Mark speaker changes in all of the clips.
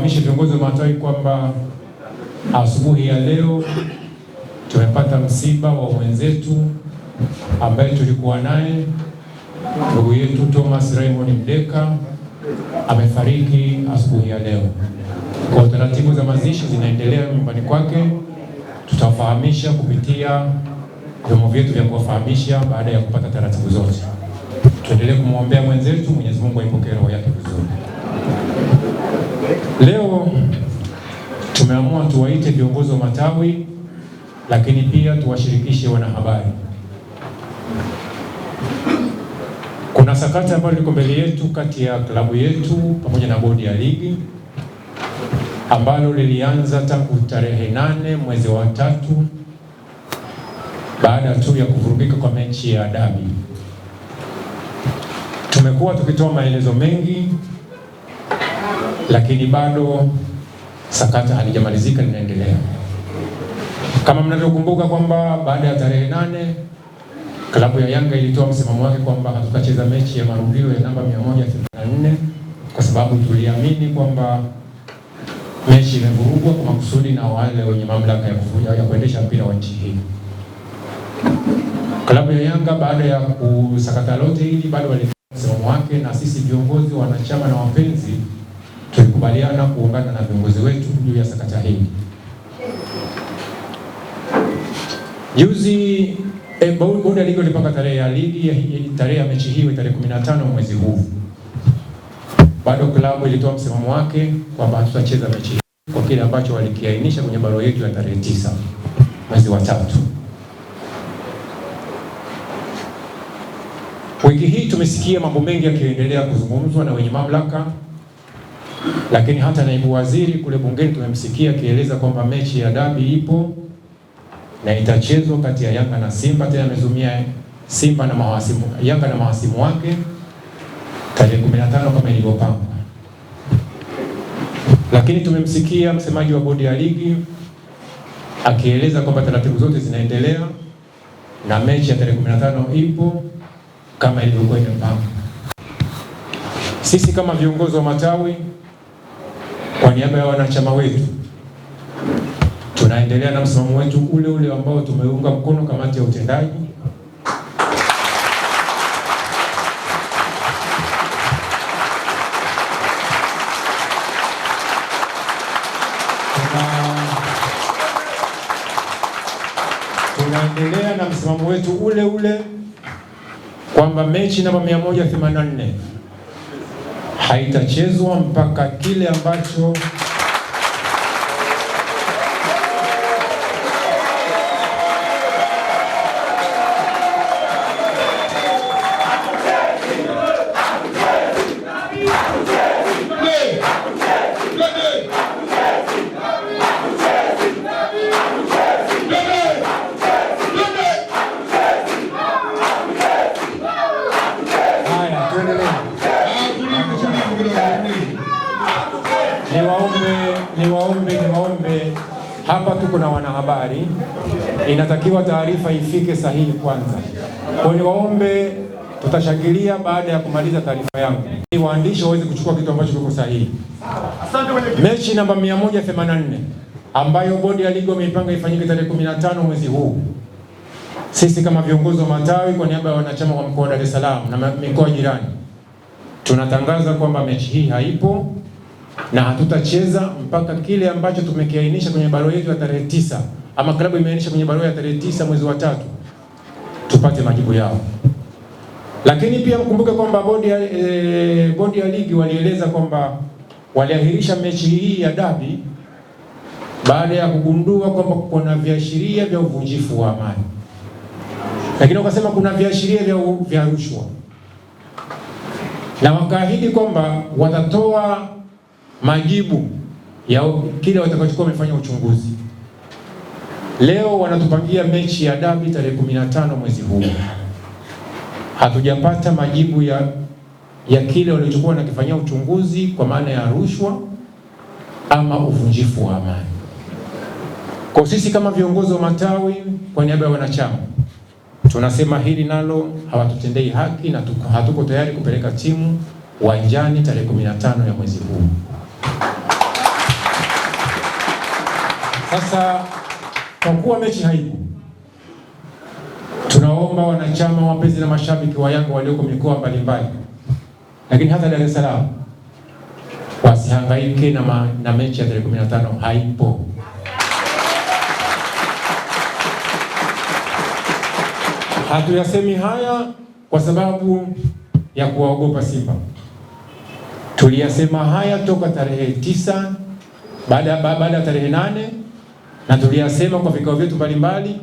Speaker 1: niwafahamishe viongozi wa matawi kwamba asubuhi ya leo tumepata msiba wa mwenzetu ambaye tulikuwa naye ndugu yetu Thomas Raymond Mdeka amefariki asubuhi ya leo. Kwa taratibu za mazishi zinaendelea nyumbani kwake, tutafahamisha kupitia vyombo vyetu vya kuwafahamisha baada ya kupata taratibu zote. Tuendelee kumwombea mwenzetu, Mwenyezi Mungu aipokee roho yake vizuri. Leo tumeamua tuwaite viongozi wa matawi, lakini pia tuwashirikishe wanahabari. Kuna sakata ambayo liko mbele yetu kati ya klabu yetu pamoja na bodi ya ligi ambalo lilianza tangu tarehe nane mwezi wa tatu baada tu ya kuvurugika kwa mechi ya dabi. Tumekuwa tukitoa maelezo mengi lakini bado sakata halijamalizika, linaendelea. Kama mnavyokumbuka kwamba baada ya tarehe nane klabu ya Yanga ilitoa msimamo wake kwamba hatutacheza mechi ya marudio ya namba 184 kwa sababu tuliamini kwamba mechi imevurugwa kwa makusudi na wale wenye mamlaka ya kufuja, ya kuendesha mpira wa nchi hii. Klabu ya Yanga baada ya kusakata lote hili bado walitoa msimamo wake, na sisi viongozi, wanachama na wapenzi tulikubaliana kuungana na viongozi wetu juu ya sakata hili. Juzi e, eh, bodi ya ligi ilipanga tarehe ya ligi, tarehe ya mechi hiyo tarehe 15 mwezi huu. Bado klabu ilitoa msimamo wake kwamba hatutacheza mechi kwa kile ambacho walikiainisha kwenye barua yetu ya tarehe tisa mwezi wa tatu. Wiki hii tumesikia mambo mengi yakiendelea kuzungumzwa na wenye mamlaka lakini hata naibu waziri kule bungeni tumemsikia akieleza kwamba mechi ya dabi ipo na itachezwa kati ya Yanga na Simba, tena amezumia Simba na mahasimu, Yanga na mahasimu wake tarehe 15 kama ilivyopangwa. Lakini tumemsikia msemaji wa bodi ya ligi akieleza kwamba taratibu zote zinaendelea na mechi ya tarehe 15 ipo kama ilivyokuwa imepangwa. Sisi kama viongozi wa matawi kwa niaba ya wanachama wetu tunaendelea na msimamo wetu ule ule ambao tumeunga mkono kamati ya utendaji tunaendelea na msimamo wetu ule ule kwamba mechi namba 184 haitachezwa mpaka kile ambacho niwaombe niwaombe niwaombe, hapa tuko na wanahabari, inatakiwa taarifa ifike sahihi kwanza. Kwa niwaombe, tutashangilia baada ya kumaliza taarifa yangu, ni waandishi waweze kuchukua kitu ambacho kiko sahihi. Mechi namba 184 ambayo bodi ya ligi wameipanga ifanyike tarehe 15 mwezi huu sisi kama viongozi wa matawi kwa niaba ya wanachama wa mkoa wa Dar es Salaam na mikoa jirani tunatangaza kwamba mechi hii haipo na hatutacheza mpaka kile ambacho tumekiainisha kwenye barua yetu ya tarehe tisa ama klabu imeainisha kwenye barua ya tarehe tisa mwezi wa tatu tupate majibu yao. Lakini pia mkumbuke kwamba bodi ya, e, bodi ya ligi walieleza kwamba waliahirisha mechi hii ya dabi baada ya kugundua kwamba kuna viashiria vya uvunjifu wa amani, lakini wakasema kuna viashiria vya, vya rushwa na wakaahidi kwamba watatoa majibu ya kile watakachokuwa wamefanya uchunguzi. Leo wanatupangia mechi ya dabi tarehe 15 mwezi huu, hatujapata majibu ya ya kile walichokuwa wanakifanyia uchunguzi kwa maana ya rushwa ama uvunjifu wa amani. Kwa sisi kama viongozi wa matawi, kwa niaba ya wanachama tunasema hili nalo hawatutendei haki na hatuko tayari kupeleka timu uwanjani tarehe 15 ya mwezi huu. Sasa kwa kuwa mechi haipo, tunaomba wanachama, wapenzi na mashabiki wa Yanga walioko mikoa mbalimbali, lakini hata Dar es Salaam wasihangaike na, ma, na mechi ya tarehe 15 haipo. Hatuyasemi haya kwa sababu ya kuwaogopa Simba. Tuliyasema haya toka tarehe tisa baada ya tarehe nane na tuliyasema kwa vikao vyetu mbalimbali,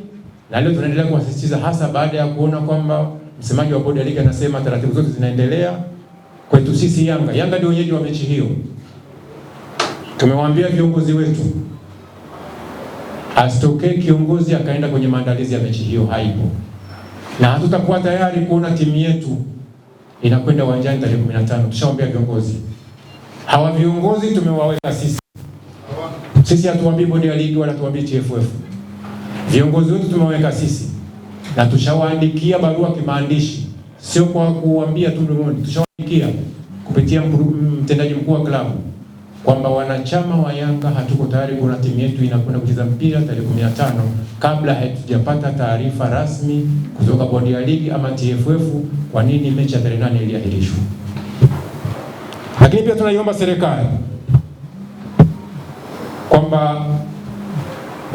Speaker 1: na leo tunaendelea kuwasisitiza hasa baada ya kuona kwamba msemaji wa bodi ya ligi anasema taratibu zote zinaendelea. Kwetu sisi Yanga, Yanga ndio wenyeji wa mechi hiyo. Tumewaambia viongozi wetu asitokee kiongozi akaenda kwenye maandalizi ya mechi hiyo, haipo na hatutakuwa tayari kuona timu yetu inakwenda uwanjani tarehe 15. Tushawaambia viongozi hawa, viongozi tumewaweka sisi sisi hatuambii bodi ya ligi wala hatuambii TFF. Viongozi wetu tumewaweka sisi na tushawaandikia barua kimaandishi, sio kwa kuambia tu mdomoni. Tushawaandikia kupitia mtendaji mkuu wa klabu kwamba wanachama wa Yanga hatuko tayari kuona timu yetu inakwenda kucheza mpira tarehe 15 kabla hatujapata taarifa rasmi kutoka bodi ya ligi ama TFF kwa nini mechi ya tarehe 8 iliahirishwa. Lakini pia tunaiomba serikali kwamba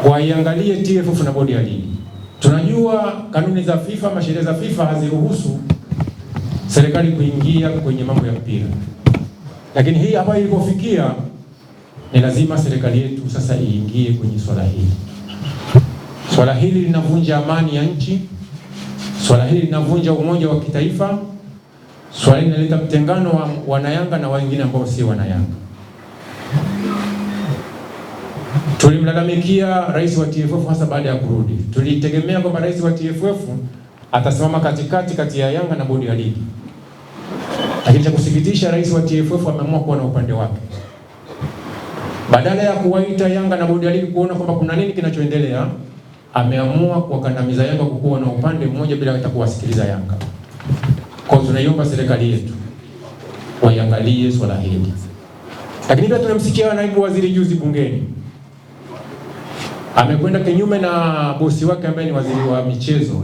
Speaker 1: waiangalie TFF na bodi ya ligi. Tunajua kanuni za FIFA, sheria za FIFA haziruhusu serikali kuingia kwenye mambo ya mpira, lakini hii ambayo ilipofikia ni lazima serikali yetu sasa iingie kwenye swala hili. Swala hili linavunja amani ya nchi, swala hili linavunja umoja wa kitaifa, swala hili linaleta mtengano wa wanayanga na wengine ambao si wanayanga. Tulimlalamikia rais wa TFF hasa baada ya kurudi. Tulitegemea kwamba rais wa TFF atasimama katikati kati ya Yanga na bodi ya ligi, lakini cha kusikitisha, rais wa TFF ameamua kuwa na upande wake badala ya kuwaita Yanga na bodi ya ligi kuona kwamba kuna nini kinachoendelea, ameamua kuwakandamiza Yanga kukuwa na upande mmoja bila hata kuwasikiliza Yanga. Kwa hiyo tunaiomba serikali yetu waiangalie swala hili, lakini pia tunamsikia naibu waziri juzi bungeni amekwenda kinyume na bosi wake ambaye ni waziri wa michezo.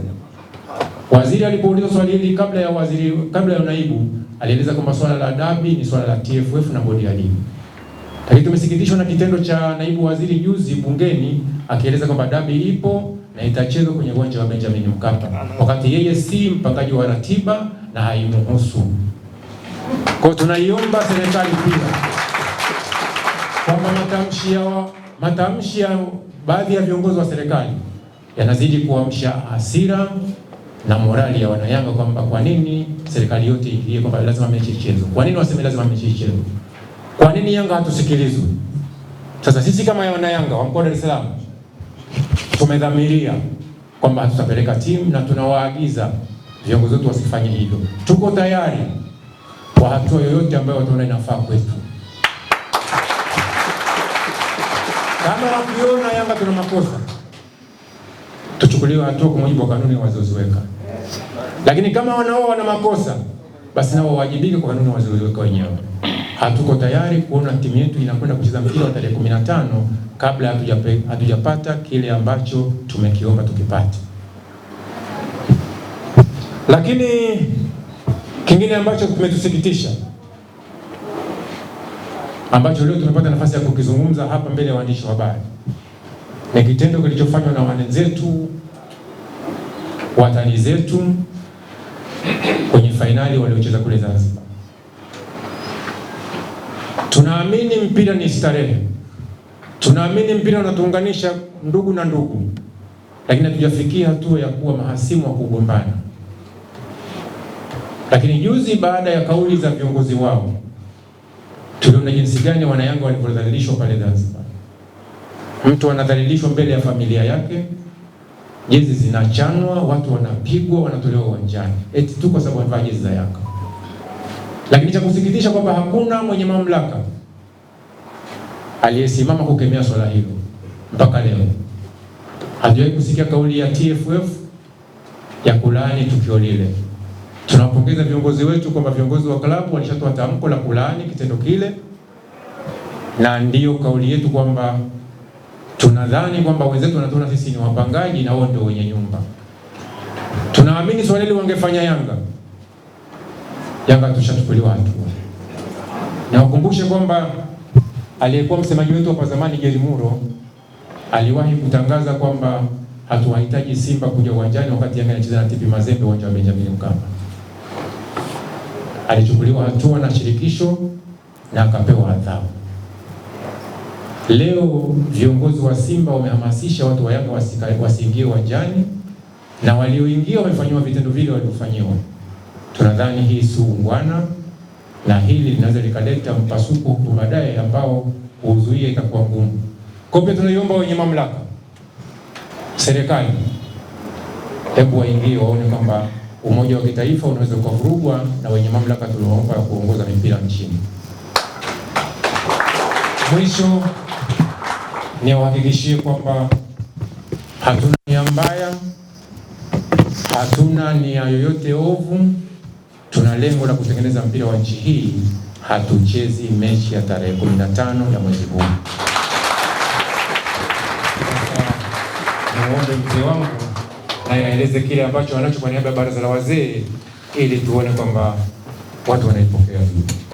Speaker 1: Waziri alipoulizwa swali hili kabla ya waziri, kabla ya naibu, alieleza kwamba swala la dabi ni swala la TFF na bodi ya ligi. Lakini tumesikitishwa na kitendo cha naibu waziri juzi bungeni akieleza kwamba dabi ipo na itachezwa kwenye uwanja wa Benjamin Mkapa, wakati yeye si mpangaji wa ratiba na haimuhusu. Kwa tunaiomba serikali pia kwamba matamshi ya matamshi ya baadhi ya viongozi wa serikali yanazidi kuamsha hasira na morali ya wanayanga kwamba kwa nini serikali yote ikilie kwamba lazima mechi ichezwe. Kwa nini waseme lazima mechi ichezwe? Kwa nini Yanga hatusikilizwe? Sasa sisi kama wanayanga wa mkoa wa Dar es Salaam tumedhamiria kwamba tutapeleka timu na tunawaagiza viongozi wetu wasifanye hivyo. Tuko tayari kwa hatua yoyote ambayo wataona inafaa kwetu. Kama wakiona Yanga tuna makosa, tuchukuliwe hatua kwa mujibu wa kanuni walizoziweka, lakini kama wanao wana makosa, basi nao wawajibike kwa kanuni walizoziweka wenyewe. Hatuko tayari kuona timu yetu inakwenda kucheza mpira wa tarehe 15 kabla hatujapata kile ambacho tumekiomba tukipate. Lakini kingine ambacho kimetusikitisha ambacho leo tumepata nafasi ya kukizungumza hapa mbele ya waandishi wa habari ni kitendo kilichofanywa na wenzetu, watani zetu kwenye fainali waliocheza kule Zanzibar. Tunaamini mpira ni starehe, tunaamini mpira unatuunganisha ndugu na ndugu, lakini hatujafikia hatua ya kuwa mahasimu wa kugombana. Lakini juzi, baada ya kauli za viongozi wao Tuliona jinsi gani wanayanga walivyodhalilishwa pale Zanzibar. Mtu anadhalilishwa mbele ya familia yake, jezi zinachanwa, watu wanapigwa, wanatolewa uwanjani eti tu kwa sababu anavaa jezi za Yanga. Lakini cha kusikitisha kwamba hakuna mwenye mamlaka aliyesimama kukemea swala hilo mpaka leo. Hatujawahi kusikia kauli ya TFF ya kulaani tukio lile. Tunawapongeza viongozi wetu kwamba viongozi wa klabu walishatoa tamko la kulaani kitendo kile, na ndiyo kauli yetu kwamba tunadhani kwamba wenzetu wanatuona sisi ni wapangaji na wao ndio wenye nyumba. Tunaamini swali hili wangefanya Yanga, Yanga tushatukuliwa hatua. Nawakumbushe kwamba aliyekuwa msemaji wetu kwa zamani Jerry Muro aliwahi kutangaza kwamba hatuwahitaji Simba kuja uwanjani wakati Yanga inacheza na TP Mazembe uwanja wa Benjamin Mkapa alichukuliwa hatua na shirikisho na akapewa adhabu. Leo viongozi wa Simba wamehamasisha watu wa Yanga wasiingie uwanjani, na walioingia wamefanyiwa vitendo vile walivyofanyiwa. Tunadhani hii si ungwana na hili linaweza likaleta mpasuko huko baadaye ambao huzuia itakuwa ngumu. Kwa hiyo tunaiomba wenye mamlaka, serikali, hebu waingie waone kwamba umoja wa kitaifa unaweza ukavurugwa na wenye mamlaka tuliompa ya kuongoza mipira nchini. Mwisho niwahakikishie kwamba hatuna nia mbaya, hatuna nia yoyote ovu. Tuna lengo la kutengeneza mpira wa nchi hii. Hatuchezi mechi ya tarehe 15 ya mwezi huu. Niombe mzee wangu na yaeleze kile ambacho wanacho kwa niaba ya baraza la wazee, ili tuone kwamba watu wanaipokea vizuri.